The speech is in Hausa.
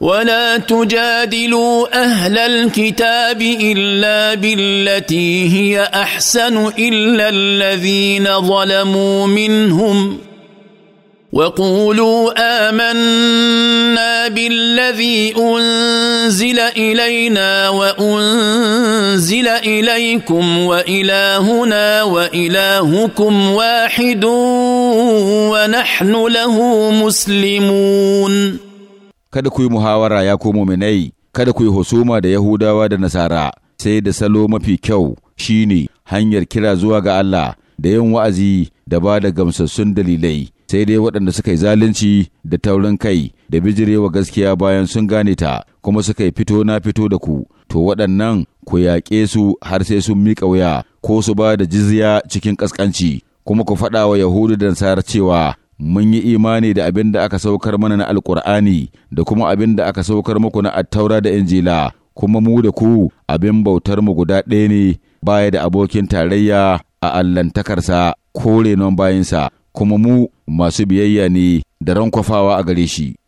ولا تجادلوا اهل الكتاب الا بالتي هي احسن الا الذين ظلموا منهم وقولوا امنا بالذي انزل الينا وانزل اليكم والهنا والهكم واحد ونحن له مسلمون kada ku yi muhawara ya ku muminai, kada ku yi husuma da Yahudawa da Nasara, sai da salo mafi kyau shine hanyar kira zuwa ga Allah da yin wa'azi da ba da gamsassun dalilai, sai dai waɗanda suka yi zalunci da taurin kai da bijirewa gaskiya bayan sun gane ta kuma suka yi fito na fito da ku, to waɗannan ku yaƙe su har sai sun miƙa wuya ko su ba da jizya cikin ƙasƙanci, kuma ku faɗa wa Yahudu da Nasara cewa mun yi imani da abin da aka saukar mana na alkur'ani da kuma abin da aka saukar muku na attaura da injila kuma mu da ku abin bautar mu guda ɗaya ne baya da abokin tarayya a allantakarsa ko renon bayinsa kuma mu masu biyayya ne da rankwafawa a gare shi